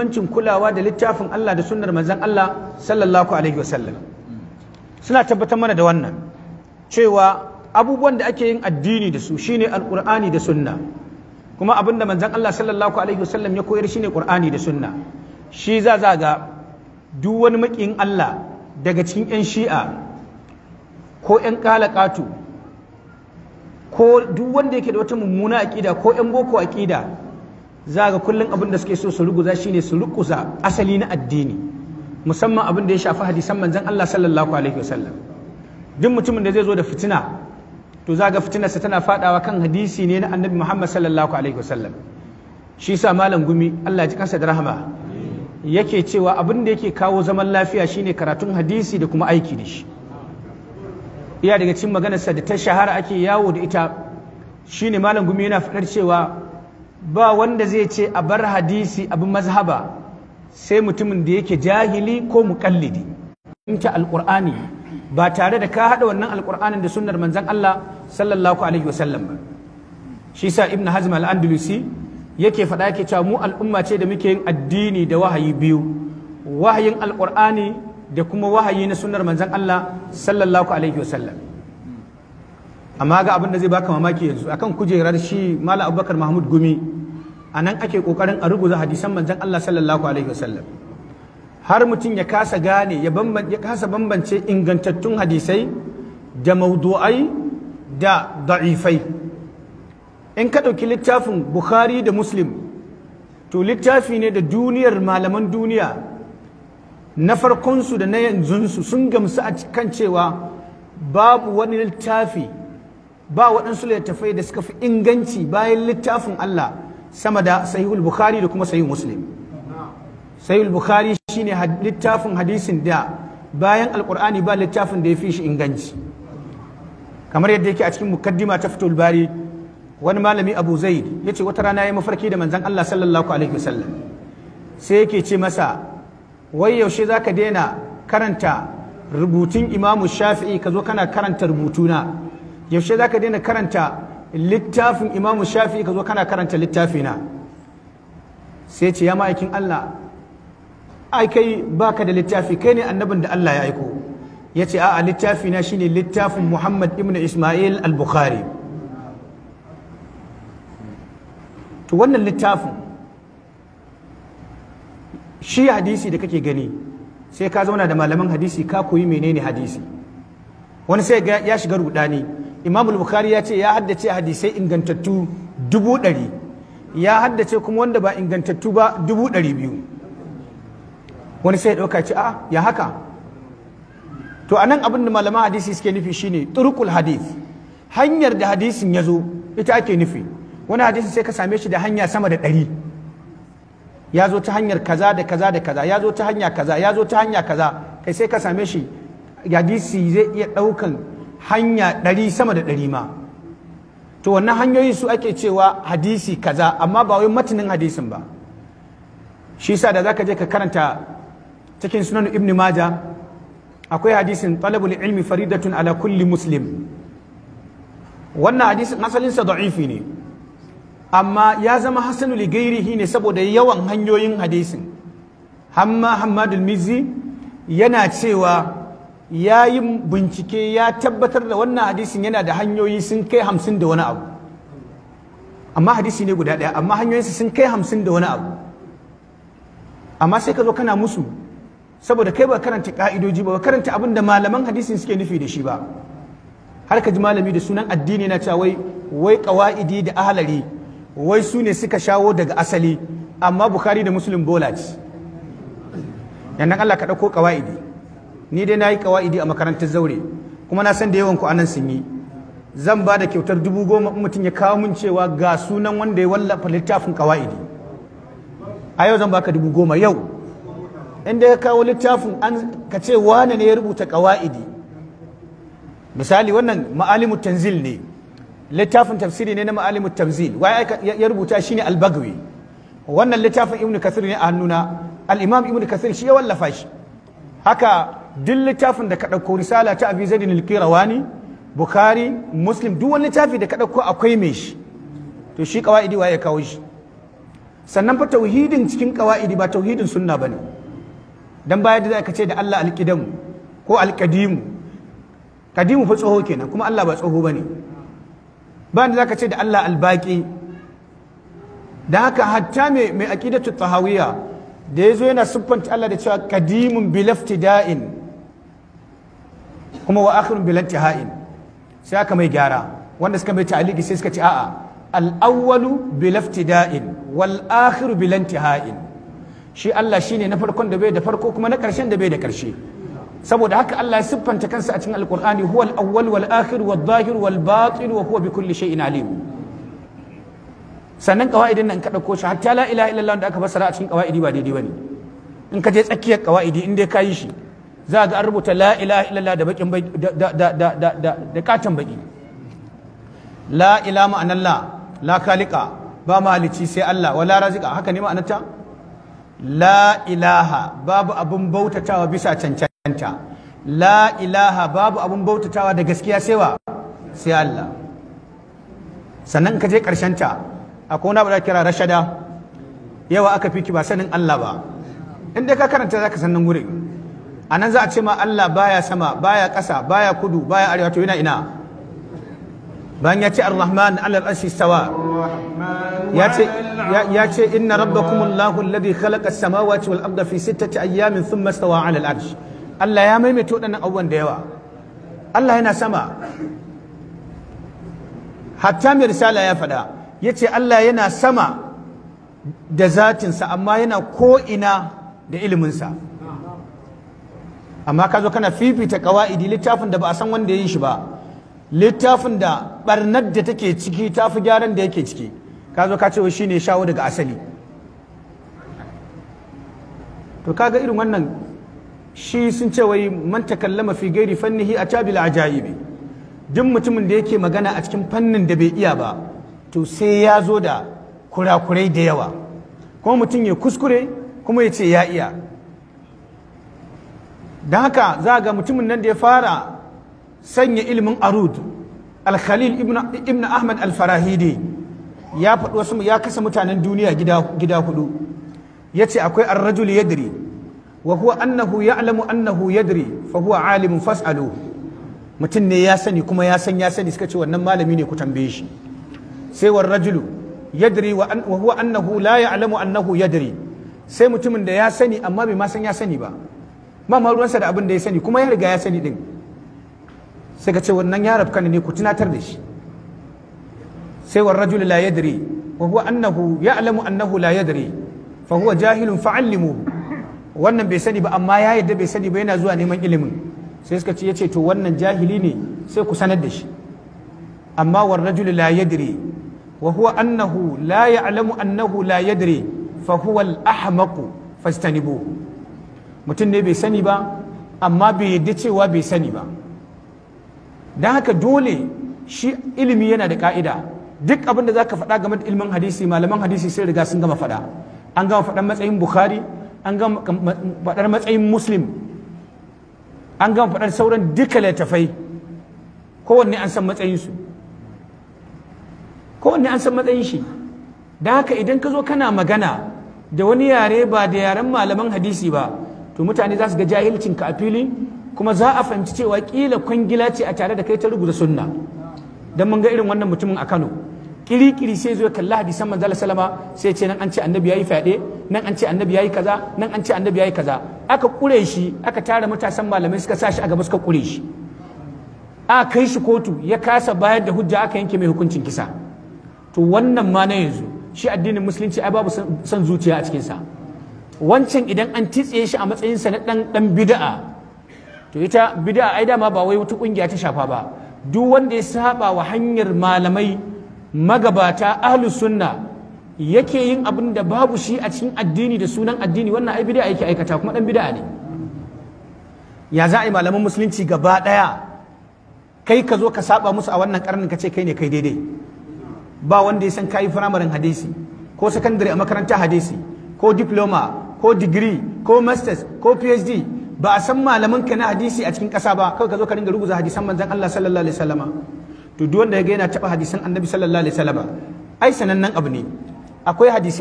muhimmancin kulawa da littafin Allah da sunnar manzon Allah sallallahu alaihi wasallam suna tabbatar mana da wannan cewa abubuwan da ake yin addini da su shine alqur'ani da sunna kuma abin da manzan Allah sallallahu alaihi wasallam ya koyar shine qur'ani da sunna shi za za ga duk wani Allah daga cikin yan shi'a ko yan kalakatu ko duk wanda yake da wata mummuna aƙida ko yan boko ƙida. za ga kullum abin da suke so su ruguza shine su ruguza asali na addini musamman abin da ya shafi hadisan manzon Allah sallallahu alaihi wasallam duk mutumin da zai zo da fitina to za ga fitinarsa tana fadawa kan hadisi ne na annabi Muhammad sallallahu alaihi wasallam shi sa malam gumi Allah ji kansa da rahama yake cewa abin da yake kawo zaman lafiya shine karatun hadisi da kuma aiki da shi iya daga cikin maganarsa da ta shahara ake yawo da ita shine malam gumi yana faɗar cewa ba wanda zai ce a bar hadisi abin mazhaba sai mutumin da yake jahili ko muƙallidi ta alƙur'ani ba tare da ka haɗa wannan alƙur'anin da sunnar manzan Allah sallallahu alaihi wasallam ba shi sa ibn hazm al-andalusi yake faɗa yake cewa mu al'umma ce da muke yin addini da wahayi biyu wahayin alƙur'ani da kuma wahayi na sunnar manzan Allah sallallahu alaihi wasallam amma ga abin da zai baka mamaki yanzu akan kujerar shi mala abubakar mahmud gumi a nan ake kokarin a ruguza hadisan manzon allah sallallahu alaihi wasallam har mutum ya kasa gane ya kasa bambance ingantattun hadisai da maudu'ai da da'ifai in ka ɗauki littafin bukhari da muslim to littafi ne da duniyar malaman duniya na farkonsu da na yanzunsu sun gamsu a kan cewa babu wani littafi ba waɗansu littattafai da suka fi inganci bayan littafin Allah sama da sahihul bukhari da kuma sahihul muslim sahihul bukhari shine littafin hadisin da bayan alqur'ani ba littafin da ya fi shi inganci kamar yadda yake a cikin mukaddima ta fitul bari wani malami abu zaid ya ce wata rana ya mafarki da manzan allah sallallahu alaihi wasallam sai yake ce masa wai yaushe za ka daina karanta rubutun imamu shafi'i ka zo kana karanta rubutuna yaushe za ka daina karanta littafin imamu shafi ka zo kana karanta littafina sai ce ya ma'aikin Allah ai kai baka da littafi kai ne annabin da Allah ya aiko ya ce a'a littafi na shine littafin Muhammad ibn Ismail al-Bukhari to wannan littafin shi hadisi da kake gani sai ka zauna da malaman hadisi ka koyi menene hadisi wani sai ya shiga rudani imam bukhari ya ce ya haddace hadisai ingantattu dubu ɗari ya haddace kuma wanda ba ingantattu ba dubu ɗari biyu wani sai ya ɗauka ce a ya haka to anan abin da malaman hadisi suke nufi shine turkul hadis. hanyar da hadisin ya zo ita ake nufi wani hadisi sai ka same shi da hanya sama da ɗari ya zo ta hanyar kaza da kaza da kaza ya zo ta hanya kaza ya zo ta hanya kaza kai sai ka same shi hadisi zai iya ɗaukan hanya ɗari sama da ɗari ma to wannan hanyoyi su ake cewa hadisi kaza amma ba wai matanin hadisin ba shi sa da zaka je ka karanta cikin sunan ibn maja akwai hadisin talabul ilmi faridatun ala kulli muslim wannan hadisin sa da'ifi ne amma ya zama hasanu li gairihi ne saboda yawan hanyoyin hadisin hamma hamadul mizzi yana cewa ya yi bincike ya tabbatar da wannan hadisin yana da hanyoyi sun kai hamsin da wani abu amma hadisi ne guda ɗaya amma hanyoyinsa sun kai hamsin da wani abu amma sai ka zo kana musu saboda kai ba karanta ka'idoji ba karanta abin da malaman hadisin suke nufi da shi ba har ka ji malami da sunan addini na cewa wai kawa'idi da ahalari wai su ne suka shawo daga asali amma bukhari da muslim bola ce yannan Allah ka ɗauko kawa'idi ni dai na yi kawa'idi a makarantar zaure kuma na san da yawan ku anan sun yi zan ba da kyautar dubu goma in mutum ya kawo mun cewa ga sunan wanda ya wallafa littafin kawa'idi a yau zan baka dubu goma yau inda ya kawo littafin an ka ce wane ne ya rubuta kawa'idi misali wannan ma'alimu tanzil ne littafin tafsiri ne na ma'alimu tanzil wa ya rubuta shine albagawi wannan littafin ibnu kasir ne a hannuna al-imam ibnu kasir shi ya wallafa shi haka duk littafin da ka ɗauko risala ta abi zaidin nilke rawani, bukhari muslim duk wani littafi da ka ɗauko akwai mai shi to shi qawaidi waye kawo shi sannan fa tauhidin cikin qawaidi ba tauhidin sunna bane dan baya da ka ce da Allah al ko Alƙadimu? Ƙadimu fa tsoho kenan kuma Allah ba tsoho bane bayan da ka ce da Allah Albaƙi? Da dan haka hatta mai mai aqidatu tahawiyya da yazo yana siffanta Allah da cewa qadimun bilaftida'in kuma wa akhirun bil intihai sai aka mai gyara wanda suka mai ta'aliki sai suka ce a'a al awwalu bil iftida'in wal akhiru bil intihai shi Allah shine na farkon da bai da farko kuma na karshen da bai da karshe saboda haka Allah ya siffanta kansa a cikin alkur'ani huwa al-awwal wal akhir wal zahir wal batin wa huwa bi kulli shay'in alim sannan qawaidin nan ka dauko shi hatta la ilaha illallah da aka fassara a cikin qawaidi ba daidai bane in ka je tsakiyar qawaidi in dai ka yi shi za ga an rubuta la ilaha illallah da bakin baki, da da, da, da, da katon baki la ila ma'anar la la kalika ba mahalici sai Allah wala razika haka ne ma'anarta la ilaha babu abun bautatawa bisa cancanta la ilaha babu abun bautatawa da gaskiya sai wa sai Allah sannan ka je karshen ta akwai wani abu da kira rashada yawa aka fi ki ba sanin Allah ba in dai ka karanta zaka san nan gurin a nan za a ce ma Allah baya sama baya ƙasa baya kudu baya arewa to yana ina bayan ya ce ar-rahman alal arshi stawa ya ce ya ce inna rabbakum allahu alladhi khalaqa as-samawati wal arda fi sittati ayyamin thumma stawa alal arshi Allah ya maimaita waɗannan abubuwan da yawa Allah yana sama hatta mai risala ya faɗa ya ce Allah yana sama da zatinsa amma yana ko'ina da iliminsa amma ka zo kana fifita kawaidi littafin da ba a san wanda ya yi shi ba littafin da barnar da take ciki ta fi gyaran da yake ciki ka zo ka ce shi ne shawo daga asali to kaga irin wannan shi sun ce wai man takallama mafi gairi fannihi a tabil ajaibi duk mutumin da yake magana a cikin fannin da bai iya ba to sai ya zo da kurakurai da yawa kuma mutum ya kuskure kuma ya ce ya iya da haka za ga mutumin nan da ya fara sanya ilimin arud al-khalil ibn ahmad al-farahidi ya faɗi wasu ya kasa mutanen duniya gida hudu ya ce akwai ar-rajul yadri wa huwa annahu ya'lamu annahu yadri fa huwa alimun fas'alu mutum ne ya sani kuma ya san ya sani suka ce wannan malami ne ku tambaye shi sai war rajulu yadri wa huwa annahu la ya'lamu annahu yadri sai mutumin da ya sani amma bai ma ya sani ba ma ma ruwansa da abin da ya sani kuma ya riga ya sani din sai ka ce wannan ya rabka ne ku tunatar da shi sai wa rajul la yadri wa huwa annahu ya'lamu annahu la yadri fa huwa jahilun fa'allimuhu wannan bai sani ba amma ya yadda bai sani ba yana zuwa neman ilimin sai suka ce yace to wannan jahili ne sai ku sanar da shi amma wa rajul la yadri wa huwa annahu la ya'lamu annahu la yadri fa huwa al-ahmaq fastanibuhu mutum ne bai sani ba amma bai yadda cewa bai sani ba don haka dole shi ilimi yana da ka'ida duk abin da za ka faɗa game da ilimin hadisi malaman hadisi sun riga sun gama faɗa an gama faɗar matsayin bukhari an gama faɗar matsayin muslim an gama faɗar sauran duka littattafai kowanne an san matsayinsu kowanne an san matsayin shi don haka idan ka zo kana magana da wani yare ba da yaren malaman hadisi ba to mutane za su ga jahilcin ka a fili kuma za a fahimci cewa kila kwangila ce a tare da kai ta rubuta sunna dan mun ga irin wannan mutumin a Kano kirikiri sai zo kalla hadisan manzo Allah sai ce nan an ce annabi yayi fyaɗe, nan an ce annabi yayi kaza nan an ce annabi yayi kaza aka kure shi aka tara matasan malamai suka sa shi a gaba suka kure shi a kai shi kotu ya kasa bayar da hujja aka yanke mai hukuncin kisa to wannan ma na yanzu shi addinin musulunci ai babu son zuciya a cikinsa wancan idan an titsiye shi a sa na ɗan ɗan bida'a to ita bida'a ai dama ba wai wata ƙungiya ta shafa ba duk wanda ya saba wa hanyar malamai magabata ahlu sunna yake yin abin da babu shi a cikin addini da sunan addini wannan ai bid'a yake aikata kuma dan bid'a ne ya za a yi malaman musulunci gaba ɗaya kai ka zo ka saba musu a wannan karnin ka ce kai ne kai daidai ba wanda ya san kayi firamarin hadisi ko sakandare a makarantar hadisi ko diploma ko digiri ko masters ko phd ba a san malaman ka na hadisi a cikin ƙasa ba kawai ka zo ka ringa rubuta hadisan manzon Allah sallallahu alaihi wasallama to duk wanda ya ga yana taba hadisan annabi sallallahu alaihi wasallama ai sanannen abu ne akwai hadisai